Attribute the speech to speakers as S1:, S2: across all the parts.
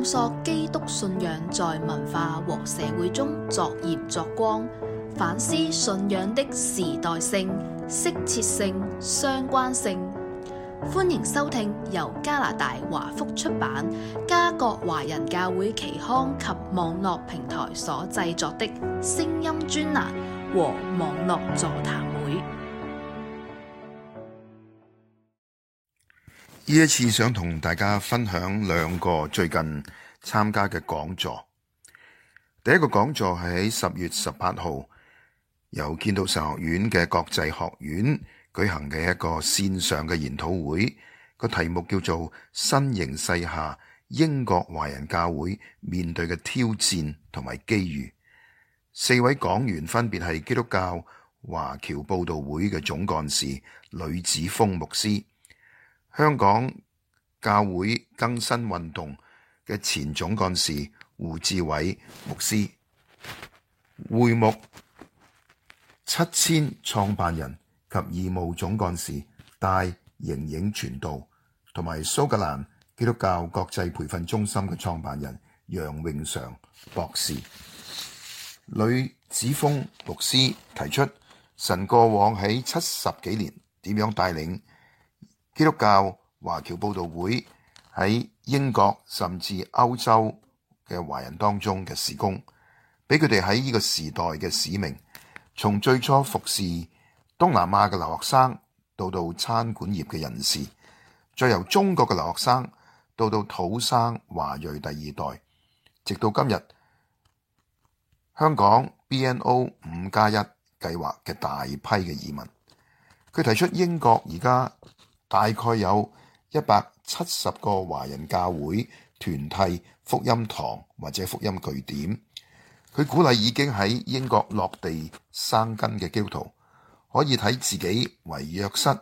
S1: 探索基督信仰在文化和社會中作鹽作光，反思信仰的時代性、適切性、相關性。歡迎收聽由加拿大華福出版、加國華人教會期刊及網絡平台所製作的聲音專欄和網絡座談。呢一次想同大家分享兩個最近參加嘅講座。第一個講座係喺十月十八號，由建道神學院嘅國際學院舉行嘅一個線上嘅研討會。個題目叫做《新形勢下英國華人教會面對嘅挑戰同埋機遇》。四位講員分別係基督教華僑報道會嘅總幹事呂子峰牧師。香港教會更新運動嘅前總幹事胡志偉牧師，會目七千創辦人及義務總幹事戴瑩瑩傳道，同埋蘇格蘭基督教國際培訓中心嘅創辦人楊永常博士，呂子峰牧師提出神過往喺七十幾年點樣帶領。基督教華僑報道會喺英國甚至歐洲嘅華人當中嘅事工，俾佢哋喺呢個時代嘅使命。從最初服侍東南亞嘅留學生，到到餐館業嘅人士，再由中國嘅留學生到到土生華裔第二代，直到今日香港 BNO 五加一計劃嘅大批嘅移民。佢提出英國而家，大概有一百七十個華人教會、團體、福音堂或者福音據點。佢鼓勵已經喺英國落地生根嘅基督徒，可以睇自己為約瑟，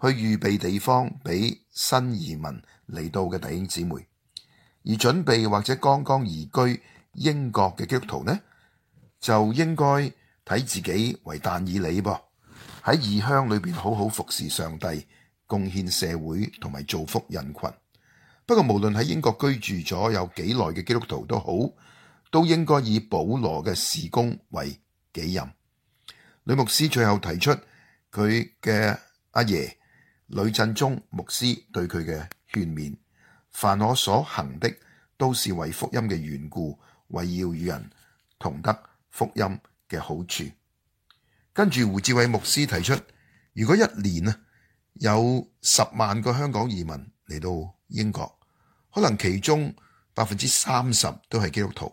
S1: 去預備地方俾新移民嚟到,嘅弟兄姊妹。而準備或者剛剛移居英國嘅基督徒呢，就應該睇自己為但以理，噃，喺異鄉裏邊好好服侍上帝。貢獻社會同埋造福人群。不過，無論喺英國居住咗有幾耐嘅基督徒都好，都應該以保羅嘅事工為己任。呂牧師最後提出佢嘅阿爺呂振中牧師對佢嘅勸勉：凡我所行的，都是為福音嘅緣故，為要與人同得福音嘅好處。跟住胡志偉牧師提出，如果一年啊。有十萬個香港移民嚟到英國，可能其中百分之三十都係基督徒。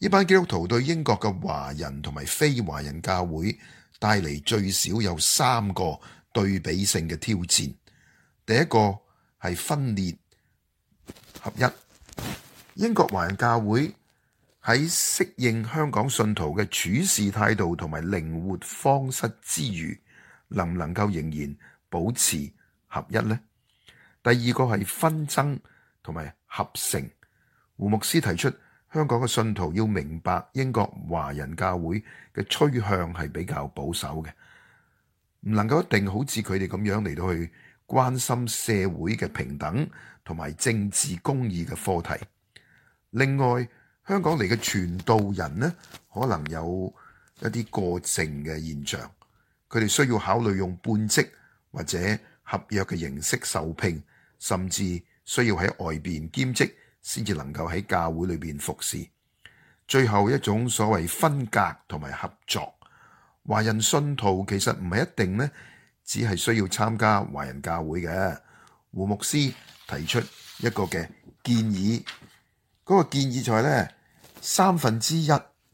S1: 呢班基督徒對英國嘅華人同埋非華人教會帶嚟最少有三個對比性嘅挑戰。第一個係分裂合一。英國華人教會喺適應香港信徒嘅處事態度同埋靈活方式之餘，能唔能夠仍然？保持合一呢，第二個係紛爭同埋合成。胡牧師提出，香港嘅信徒要明白英國華人教會嘅趨向係比較保守嘅，唔能夠一定好似佢哋咁樣嚟到去關心社會嘅平等同埋政治公義嘅課題。另外，香港嚟嘅傳道人呢，可能有一啲過剩嘅現象，佢哋需要考慮用半職。或者合約嘅形式受聘，甚至需要喺外邊兼職先至能夠喺教會裏邊服侍。最後一種所謂分隔同埋合作，華人信徒，其實唔係一定呢，只係需要參加華人教會嘅胡牧師提出一個嘅建議，嗰個建議就係咧三分之一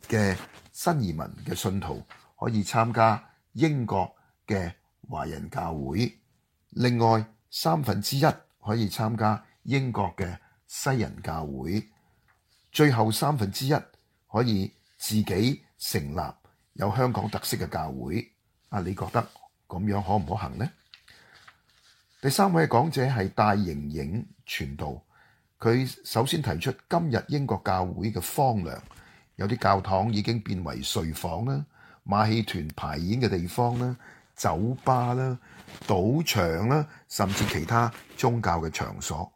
S1: 嘅新移民嘅信徒可以參加英國嘅。華人教會，另外三分之一可以參加英國嘅西人教會，最後三分之一可以自己成立有香港特色嘅教會。啊，你覺得咁樣可唔可行呢？第三位講者係戴瑩瑩傳道，佢首先提出今日英國教會嘅荒涼，有啲教堂已經變為睡房啦、馬戲團排演嘅地方啦。酒吧啦、賭場啦，甚至其他宗教嘅場所，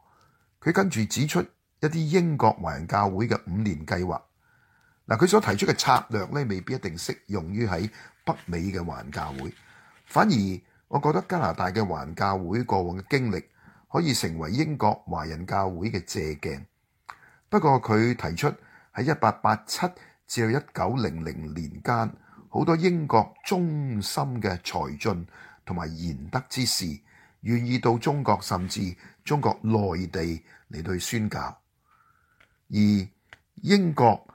S1: 佢跟住指出一啲英國華人教會嘅五年計劃。嗱，佢所提出嘅策略咧，未必一定適用於喺北美嘅華人教會。反而，我覺得加拿大嘅華人教會過往嘅經歷可以成為英國華人教會嘅借鏡。不過，佢提出喺一八八七至到一九零零年間。好多英國忠心嘅才俊同埋賢德之士，願意到中國甚至中國內地嚟到宣教。而英國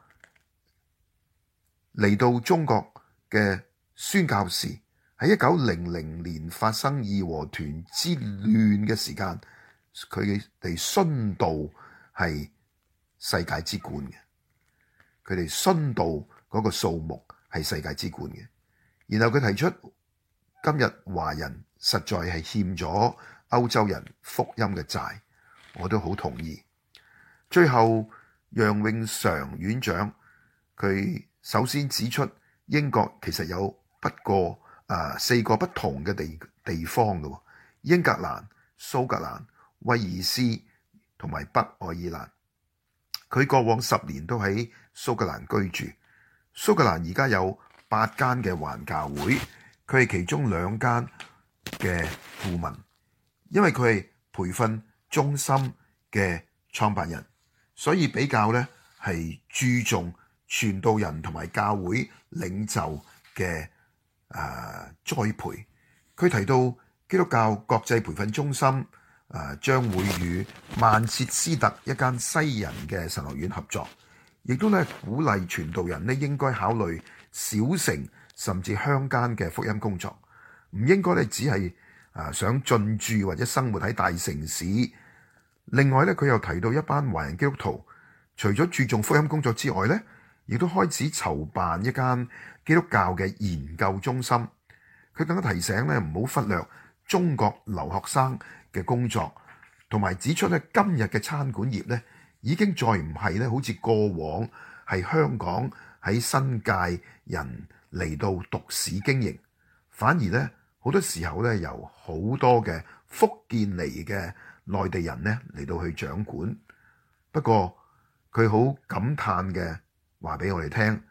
S1: 嚟到中國嘅宣教士喺一九零零年發生義和團之亂嘅時間，佢哋殉道係世界之冠嘅。佢哋殉道嗰個數目係世界之冠嘅，然後佢提出今日華人實在係欠咗歐洲人福音嘅債，我都好同意。最後楊永常院長佢首先指出英國其實有不過啊、呃、四個不同嘅地地方㗎喎，英格蘭、蘇格蘭、威爾斯同埋北愛爾蘭。佢過往十年都喺蘇格蘭居住。蘇格蘭而家有八間嘅環教會，佢係其中兩間嘅顧問，因為佢係培訓中心嘅創辦人，所以比較咧係注重傳道人同埋教會領袖嘅誒栽培。佢提到基督教國際培訓中心誒、啊、將會與曼徹斯特一間西人嘅神學院合作。亦都咧鼓勵傳道人咧應該考慮小城甚至鄉間嘅福音工作，唔應該咧只係啊想進駐或者生活喺大城市。另外咧，佢又提到一班華人基督徒，除咗注重福音工作之外咧，亦都開始籌辦一間基督教嘅研究中心。佢更加提醒咧唔好忽略中國留學生嘅工作，同埋指出咧今日嘅餐館業咧。已經再唔係咧，好似過往係香港喺新界人嚟到獨市經營，反而咧好多時候咧由好多嘅福建嚟嘅內地人呢嚟到去掌管。不過佢好感嘆嘅話俾我哋聽，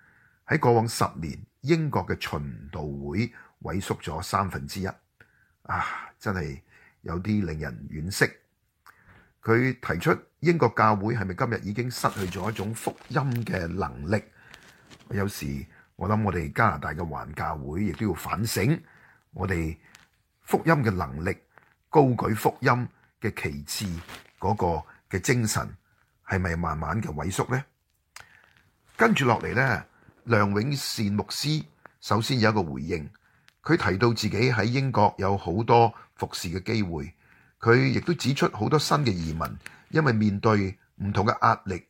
S1: 喺過往十年英國嘅循道會萎縮咗三分之一，啊真係有啲令人惋惜。佢提出英國教會係咪今日已經失去咗一種福音嘅能力？有時我諗我哋加拿大嘅環教會亦都要反省我哋福音嘅能力、高舉福音嘅旗幟嗰個嘅精神係咪慢慢嘅萎縮呢？跟住落嚟呢，梁永善牧師首先有一個回應，佢提到自己喺英國有好多服侍嘅機會。佢亦都指出好多新嘅移民，因為面對唔同嘅壓力，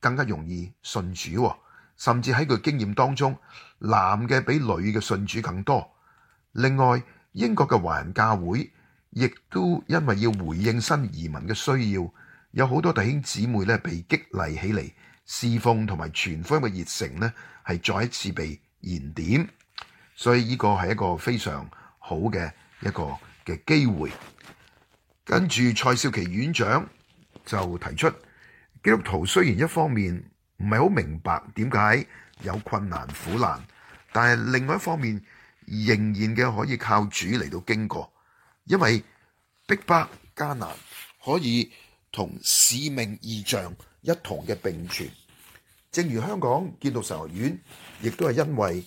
S1: 更加容易信主、哦。甚至喺佢經驗當中，男嘅比女嘅信主更多。另外，英國嘅華人教會亦都因為要回應新移民嘅需要，有好多弟兄姊妹咧被激勵起嚟，侍奉同埋傳福音嘅熱誠咧係再一次被燃點。所以呢、這個係一個非常好嘅一個嘅機會。跟住蔡少琪院長就提出，基督徒雖然一方面唔係好明白點解有困難苦難，但係另外一方面仍然嘅可以靠主嚟到經過，因為逼迫艱難可以同使命異象一同嘅並存。正如香港建道神學院亦都係因為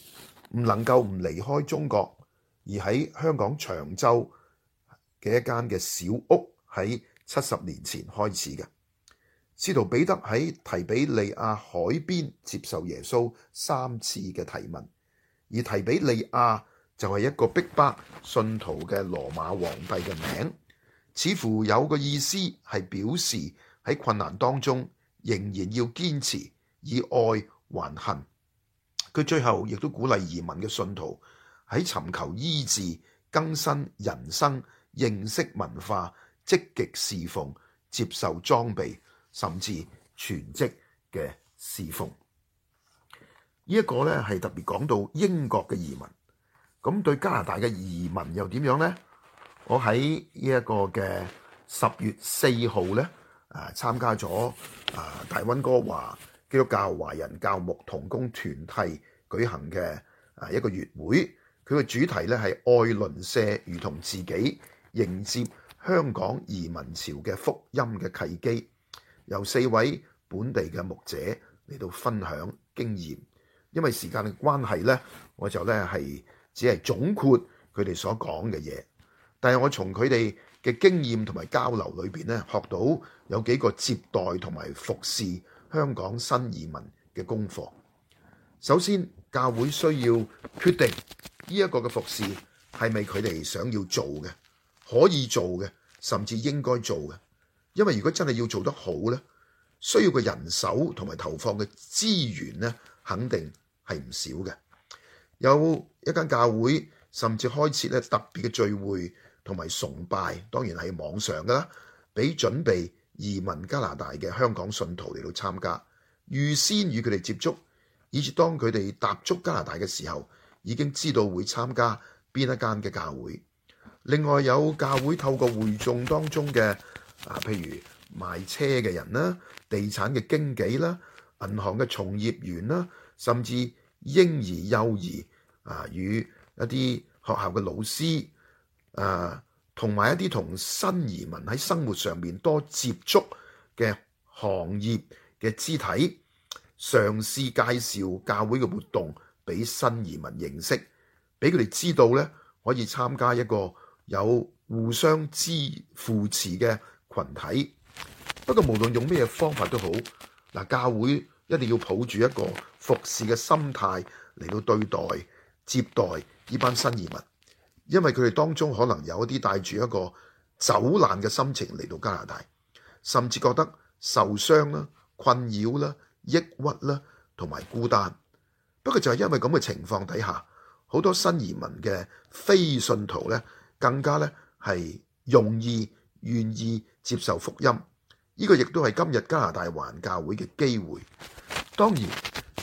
S1: 唔能夠唔離開中國，而喺香港長洲。嘅一間嘅小屋喺七十年前開始嘅。司徒彼得喺提比利亞海邊接受耶穌三次嘅提問，而提比利亞就係一個逼迫信徒嘅羅馬皇帝嘅名，似乎有個意思係表示喺困難當中仍然要堅持以愛還恨。佢最後亦都鼓勵移民嘅信徒喺尋求醫治、更新人生。認識文化，積極侍奉，接受裝備，甚至全職嘅侍奉。呢一個呢係特別講到英國嘅移民。咁對加拿大嘅移民又點樣呢？我喺呢一個嘅十月四號呢啊參加咗啊大溫哥華基督教華人教牧同工團體舉行嘅啊一個月會，佢個主題呢係愛鄰舍如同自己，迎接香港移民潮嘅福音嘅契機，由四位本地嘅牧者嚟到分享經驗。因為時間嘅關係咧，我就咧係只係總括佢哋所講嘅嘢。但係我從佢哋嘅經驗同埋交流裏邊咧，學到有幾個接待同埋服侍香港新移民嘅功課。首先，教會需要決定呢一個嘅服侍係咪佢哋想要做嘅。可以做嘅，甚至應該做嘅，因為如果真係要做得好咧，需要嘅人手同埋投放嘅資源咧，肯定係唔少嘅。有一間教會甚至開設咧特別嘅聚會同埋崇拜，當然係網上噶啦，俾準備移民加拿大嘅香港信徒嚟到參加，預先與佢哋接觸，以至當佢哋踏足加拿大嘅時候，已經知道會參加邊一間嘅教會。另外有教會透過會眾當中嘅啊，譬如賣車嘅人啦、地產嘅經紀啦、銀行嘅從業員啦，甚至嬰兒、幼兒啊，與一啲學校嘅老師啊，同埋一啲同新移民喺生活上面多接觸嘅行業嘅肢體，嘗試介紹教會嘅活動俾新移民認識，俾佢哋知道呢可以參加一個有互相支扶持嘅群體，不過無論用咩方法都好，嗱，教會一定要抱住一個服侍嘅心態嚟到對待接待呢班新移民，因為佢哋當中可能有一啲帶住一個走難嘅心情嚟到加拿大，甚至覺得受傷啦、困擾啦、抑鬱啦，同埋孤單。不過就係因為咁嘅情況底下，好多新移民嘅非信徒咧。更加咧係容易願意接受福音，呢個亦都係今日加拿大環教會嘅機會。當然，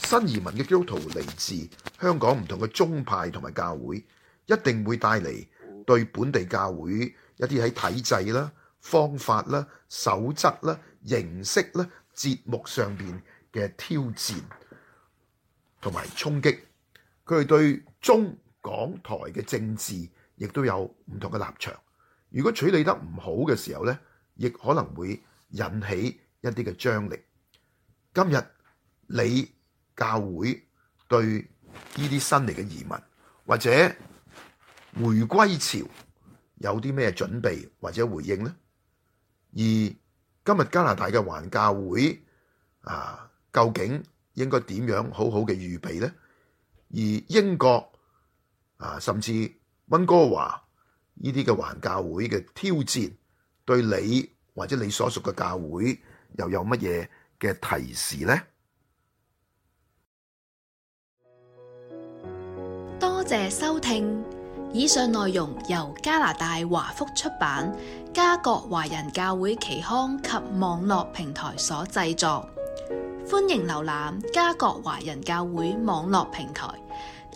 S1: 新移民嘅基督徒嚟自香港唔同嘅宗派同埋教會，一定會帶嚟對本地教會一啲喺體制啦、方法啦、守則啦、形式啦、節目上邊嘅挑戰同埋衝擊。佢哋對中港台嘅政治，亦都有唔同嘅立場，如果處理得唔好嘅時候呢，亦可能會引起一啲嘅張力。今日你教會對呢啲新嚟嘅移民，或者回歸潮有啲咩準備或者回應呢？而今日加拿大嘅環教會啊，究竟應該點樣好好嘅預備呢？而英國啊，甚至溫哥華：呢啲嘅環教會嘅挑戰，對你或者你所屬嘅教會又有乜嘢嘅提示呢？多謝收聽，以上內容由加拿大華福出版、加國華人教會期刊及網絡平台所製作，歡迎瀏覽加國華人教會網絡平台。